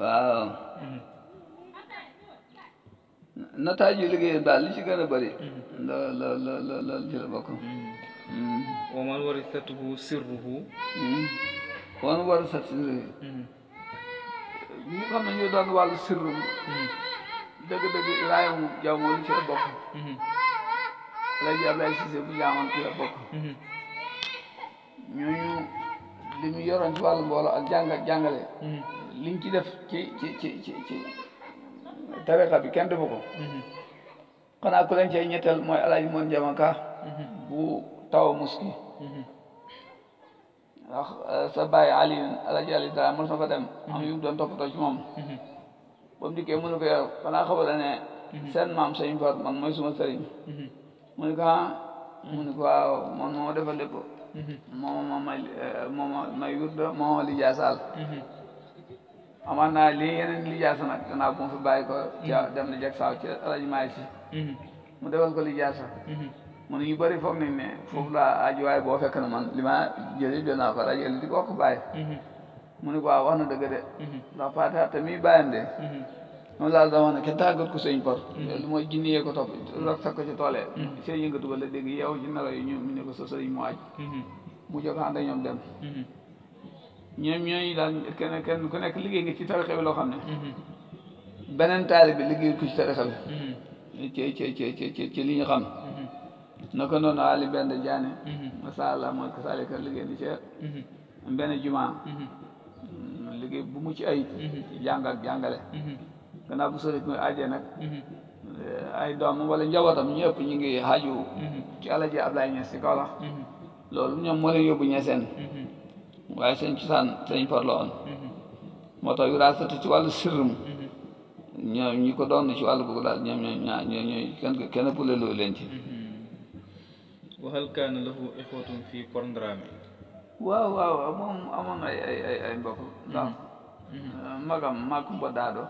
waaw nataaju liggéey daal li ci gën a bëri lool lool lool lool ci la bokk mm-hmm. wa man warisatuhu sirruhu mm-hmm. wa man warisat sirruhu mm-hmm. ñu xam ne doon wàllu sirru dëgg-dëgg raayam jaamu li ci la bokk léegi Ablaye Cissé bu jaamoon ci la bokk ñooñu li mu yoroon ci wàllu mbooloo ak jàng jàngale liñ ci def ci ci ci ci ci tariqa bi kenn defu ko mhm. xanaa ku leen cee mooy alaaji moon jamaka mhm. bu taw muski mhm. ndax eh, sa bàyyi ali alaaji ali dara mos na fa am yu doon toppatoo ci moom ba mu dikkee mënu ko yow xanaa xamal ne seen maam sëñ Faat man mooy suma sëriñ mu ne ko ah mu ne ko waaw man moo defal lépp moo ma may eh, moo ma may yurda moo ma lijaasal amaan naa lii yeneen lijaasa nag gannaaw bu mu fi bàyyi ko ca mhm. dem na jeg saaw ci rajo maay si mhm. mu defal ko lijaasa mhm. mu ne ñu bëri foog ne foofu laa aji waaye boo fekk na man li ma jëli a naa ko rajo li di ko ko bàyyi mu ne ko waaw wax de ndax Fatiha te mi bàyyam de moom laal daa wax ko sëñ par lu mooy jinniyee ko topp rok sax ko ci toolee seen yëngatu ba la dégg yow ci nelaw yi ñu mu ko sa sëriñ mu aj mu jóg ànd ak dem ñoom ñooy daal kenn kenn ku nekk liggéey ngi ci tarixa bi loo xam ne mhm. beneen taali bi liggéey ko ci tarixa bi mhm. ci ci ci ci ci li ñu xam mhm. na ko noonu Ali benn jaane macha allah mooy kasaalika liggéey ni ci benn jumaa mm, liggéey bu mu ci ay jàng ak jàngale gannaaw bu sori ko ajee nag eh, ay doom wala njabootam ñëpp ñu ngi xaaju ci alaji Ablaye Niass si Kaolack loolu ñoom moo leen yóbbu Guaiçanti sañ farla woon moo tax wiraasatu ci wàllu sirrum ñoom ñi ko doon ci wàllu googu daal ñoom ñoo ñaa ñoo ñooy kenn kenn pule loo leen ci wa hal kaana lahu ixwatun fii Korndrame waaw waaw moom amoon ay ay ay ay mbokk ndax magam Makumba Daado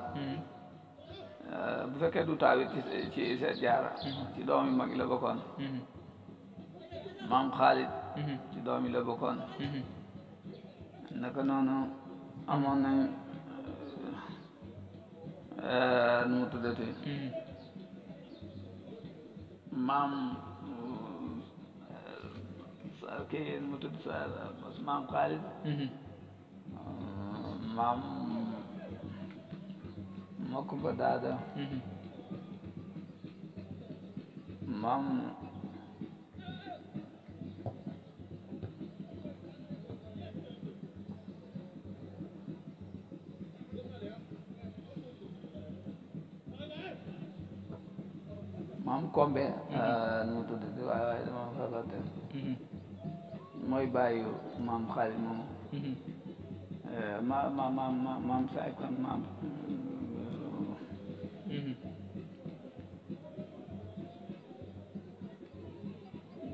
bu fekkee du taawit ci seet jaara ci doomi mag yi la bokkoon maam Xaalid ci doomi la bokkoon ಅಂದಾಗ ನಾನು ಅಮ್ಮನ ನೋಡ್ತಿದ್ದೆ ma'am ಸಾಕೆ ಏನು ಮುಟ್ಟಿದ್ದು sir ma'am college ma'am ಮಕ್ಕು ಬದಾದ ma'am maam kombe nu mu tudd waaye waaye dama fàtte mooy bàyyu maam xaali moom maam saay kon maam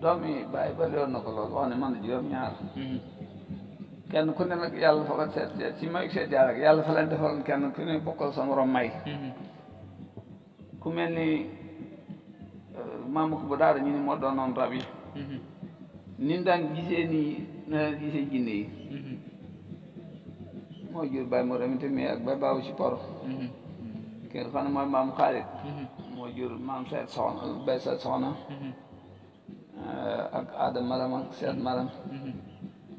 doom yi ba leer na ko lool wax ne man na juróom ñaar kenn ku ne nag yàlla fa ko yàlla fa leen defaloon kenn ku ne bokkal sa morom may ku mel maamu ko ba daara ñu ni moo doonoon rab yi mhm. ni daan gisee nii na daan gisee jinne yi mhm. moo jur Baye Mor Aminta mais ak Baye Baabu si Poro mhm. kenn xam ne mooy maam Xaalit moo jur maam seet soxna bay seet soxna ak aada maram ak seet maram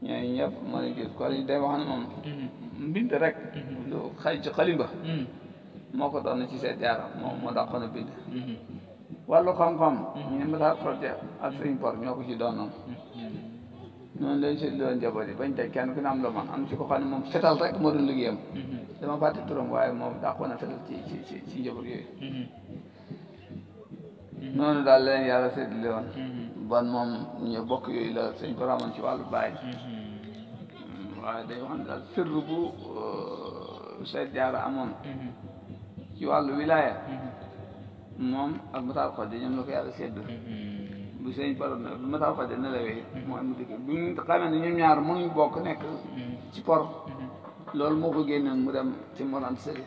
ñooñu ñëpp moo leen jur kon day wax moom mbind rek lu moo ko doon na ci seet yaaram moo dàqoon a bind wàllu xam-xam. ñu ne Moussa Sotia ak Sëriñ Por ñoo ko ci doonoon. noonu lañ si doon njaboot yi bañ teg kenn ku ne am lu man am ci ko xam ne fetal rek moo doon liggéeyam. dama fàtte turam waaye moom dàqoon a fetal ci ci ci ci njaboot yooyu. noonu daal leen yàlla séddale woon. bon moom ñu bokk yooyu la sëñ Por amoon ci wàllu baay. waaye day wax ne daal firru bu Cheikh amoon. ci wàllu wilaya. moom ak mataal xoddi ñoom la ko yàlla sedd mm-hmm. bu sëñ borom na bu mataal xoddi ne la wéy mm-hmm. mooy mu dëkk bu ñu xamee ne ñoom ñaar mënuñ bokk nekk mm-hmm. ci por loolu moo ko génnoon mu dem ci morant sëri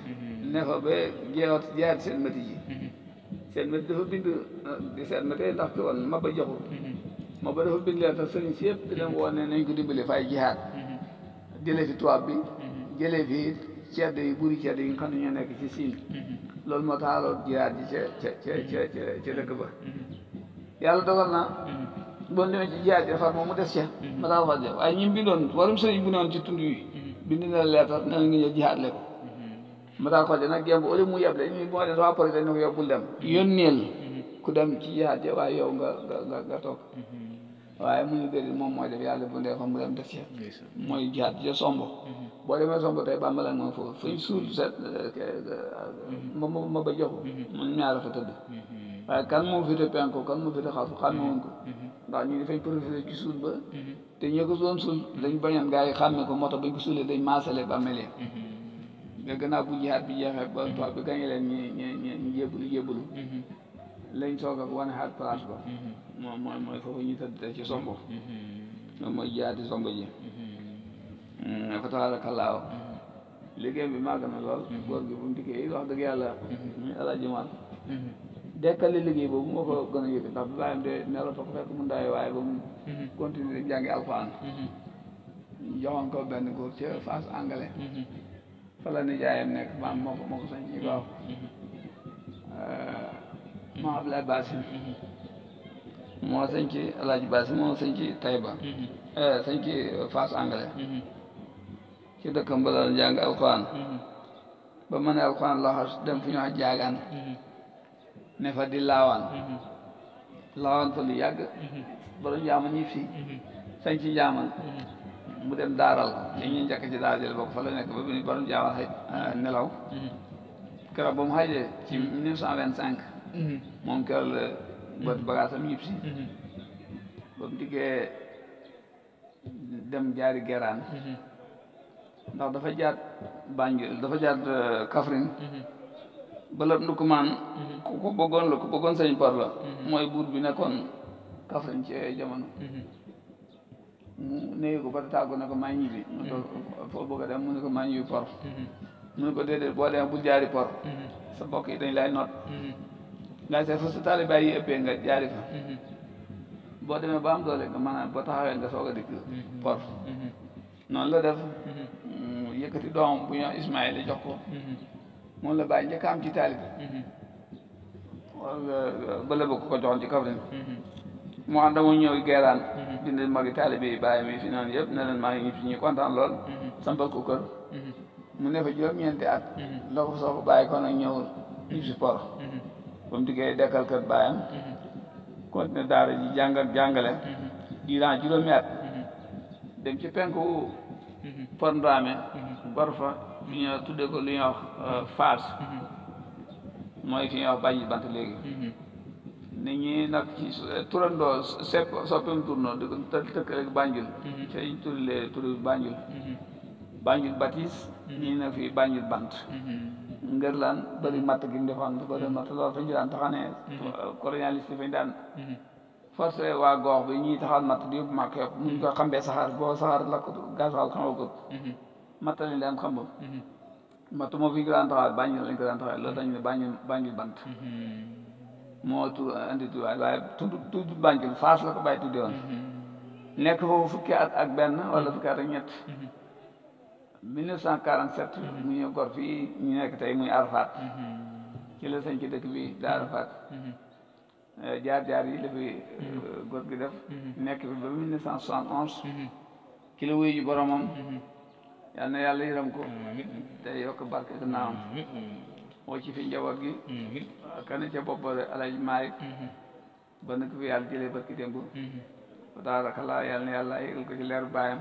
ne fa ba jeewat jeexat seen ji seen fi tubaab bi jëlee fi ceddo yi buuri ceddo yi nga xam ñoo nekk ci siin mm-hmm. loolu moo taxaloon jihaad ji ca ca ca mm-hmm. ca ca dëkk ba mm-hmm. yàlla dogal na boo demee ci jihaad ji far mu des ca ma tax faj waaye ñi bindoon warum sëriñ bu newoon ci tund yi bind na leetar ne ngi ñëw le ko ma tax faj nag yemb mu yeble ñu moo des waa projet ne ko yow bul dem yónneel ku dem ci jihaad ji waaye yow nga nga nga toog mu ñu déedéet moom mooy def yàlla bu ndee fa mu sombo boo demee somb tey bàmbal ak moom foofu fuñ mm-hmm. suul set eh, ah, mm-hmm. ma ma ma ba joxu mun mm-hmm. ñaara tëdd waaye kan moo fi te penku kan moo fi te xasu ko ndax ñu ngi fañ profité ci ba te ñoo ko doon suul dañ gaa yi xàmme ko moo tax bañ dañ maasale bàmmeel ya nga gannaaw bu jihaat bi jeexee ba toog bi gañe leen ñi ñi ñi ñu jébbulu jébbulu lañ soog ak wane xaat place ba moom mooy somb moom mooy jihaati somb ji fa mm-hmm. tabaarakallaahu mm-hmm. liggéeyam bi màgg na lool mm-hmm. góor gi bu mu dikkee wax dëgg yàlla alaaji Maal dekkali liggéey boobu moo ko gën a yëg ndax bi bàyyam de nelawta ko fekk mu ndaay waaye ba mu continuer di jàngi alxuraan joxoon ko benn góor ci face anglais fa la nijaayam nekk maam moo ko moo ko sañ ñu uh, ko moo sañ ci Alaaji moo sañ ci Taïba uh, sañ ci face ci dëkkam ba daan jàng ba mën a alxuraan laxas dem fu ñu wax jaagaan ne fa di laawaan laawaan fa lu yàgg ba lu njaaman sañ ci njaaman mu dem daaral li ñuy njëkk ci daara jël bokk fa nekk ba bi ba lu euh, nelaw keroog ba mu xajee ci mille cent vingt cinq moom keroog la bagaasam ñib ba mu diggee dem jaari geraan ndax dafa jaat Banjul dafa jaat euh, Kaffrine mhm. bala Ndukumaan mhm. ku ko bëggoon la ku bëggoon sëñ Por la mhm. mooy buur bi nekkoon Kaffrine ci jamono mu néew ko ba tàggu ne ko maa ngi ñibbi mu ne ko foo bëgg a dem mu ne ko maa ngi ñibbi Por mu ne ko déedéet boo demee bokk yi dañ lay not ngay seet fa ba am doole nga maanaam boo taxawee nga soog a dikk Por noonu la def yëkkati doomam bu ñoo Ismaïl jox ko mm-hmm. moom la bàyyi njëkk am ci taalibi mm-hmm. wala ko joxoon ci Kaffrine moo mm-hmm. ànd mu ñëw geeraan bind magi taalibe yi fi noonu yëpp ne leen maa ngi fi ñuy kontaan lool sampal ko kër mu nekk fa juróom-ñeenti at la ko soo ko bàyyi ko ñëw ñib si por ba mu diggee dekkal kër bàyyam continué daara ji jàngale diiran juróomi at dem ci penku por ndaame Borfa fi ñu tuddee ko lu ñuy euh, mm-hmm. mooy fi ñuy wax bàññi bant léegi mm-hmm. nit ñi nag ci euh, turandoo sepp soppim turno di ko tëkk rek Banjul mm-hmm. ci lañ tuddee turu Banjul Banjul batis ñii ne fii Banjul bant ngër bëri matt gi ñu defoon bëri matt loolu fa ñu daan taxanee euh, colonialiste fa waa goox bi ñuy taxal matt di yóbbu màkk yëpp ñu ko xambee saxaar boo saxaar lakk gasoil xama ko matt lañ daan xam mhm. matt moo fi ñu ko daan taxawal bàññil lañ ko daan taxawal dañu ne bàññil bàññil bant mhm. moo tu andi tuwaay waaye tudd tudd bàññil faas la ko bàyyi tuddee woon mhm. nekk foofu fukki at ak benn wala fukki at ak ñett 1947 mu ñu nekk tey muy Arafat ci la sañ ci dëkk bi da Arafat eh, jaar jaar yi la fi eh, góor gi def nekk fi ba 1971 ci la wuyu ji boromam yàlla na yërëm ko te yokk barke te naam moo ci fi njaboot gi kenn ca bopp alaaj Maalik ba na ko fi yàlla jëlee barki démb ba tabaarakallah yàlla na yàlla yëgal ko ci leer baayam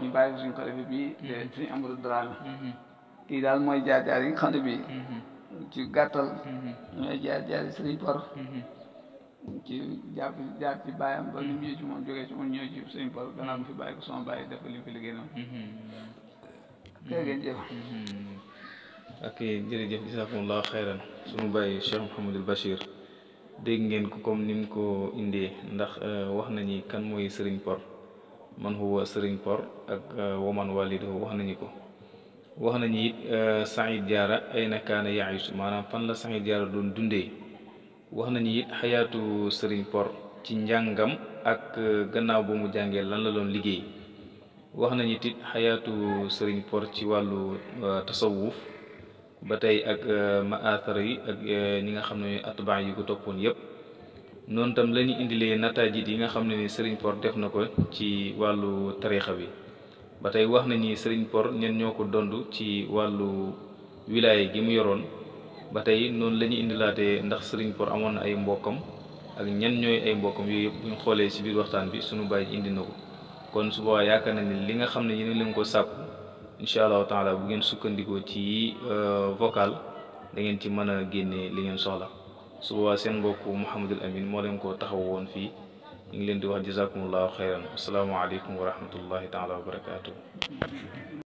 ñu bàyyi suñ xalifa bii te suñu amatu daraami kii daal mooy jaar jaar yi nga xam ne bii ci gàttal ñooy jaar jaar yi sëriñ Por ci jàpp jàpp ci bàyyam ba ni mu mm-hmm. ñëw ci moom jógee ci moom ñëw ci sëñ Paul gannaaw mu mm-hmm. fi bàyyi ko sama bàyyi def ko fi liggéey noonu mm-hmm. dégg ngeen ko comme ni mu ko indee ndax euh, wax nañu kan mooy Serigne Por man huwa sëriñ Por ak euh, waman walidahu wax nañu ko wax nañu it euh, Saïd Diarra ay na kaana yaayusu maanaam fan la Saïd Diarra doon dundee wax nañu it xayaatu sëriñ por ci njàngam ak euh, gannaaw bu mu jàngee lan la doon liggéey wax nañu it xayaatu sëriñ por ci wàllu euh, tasawuf ba tey ak euh, maathar yi ak ñi nga xam ne atbaa yi ko toppoon yépp noonu tam la ñu indilee nataajit yi nga xam ne ni sëriñ por def na ko ci wàllu tariixa bi ba tey wax na ni sëriñ por ñen ñoo ko dond ci wàllu wilaaya gi mu yoroon ba tey noonu la ñuy indilaatee ndax Serigne pour amoon na ay mbokkam ak ñan ñooy ay mbokkam yooyu yëpp bu ñu xoolee si biir waxtaan bi suñu bàyyi indi na ko kon su boobaa yaakaar na ni li nga xam ne ñu a leen ko sàkku incha allahu taala bu ngeen sukkandikoo ci euh, vocal da ngeen ci mën a génnee li ngeen soxla su boobaa seen mbokk Mouhamadul Amin moo leen ko taxaw woon fii ñu ngi leen di wax jazakumullahu xayran asalaamaaleykum wa rahmatullahi taala wa barakaatu.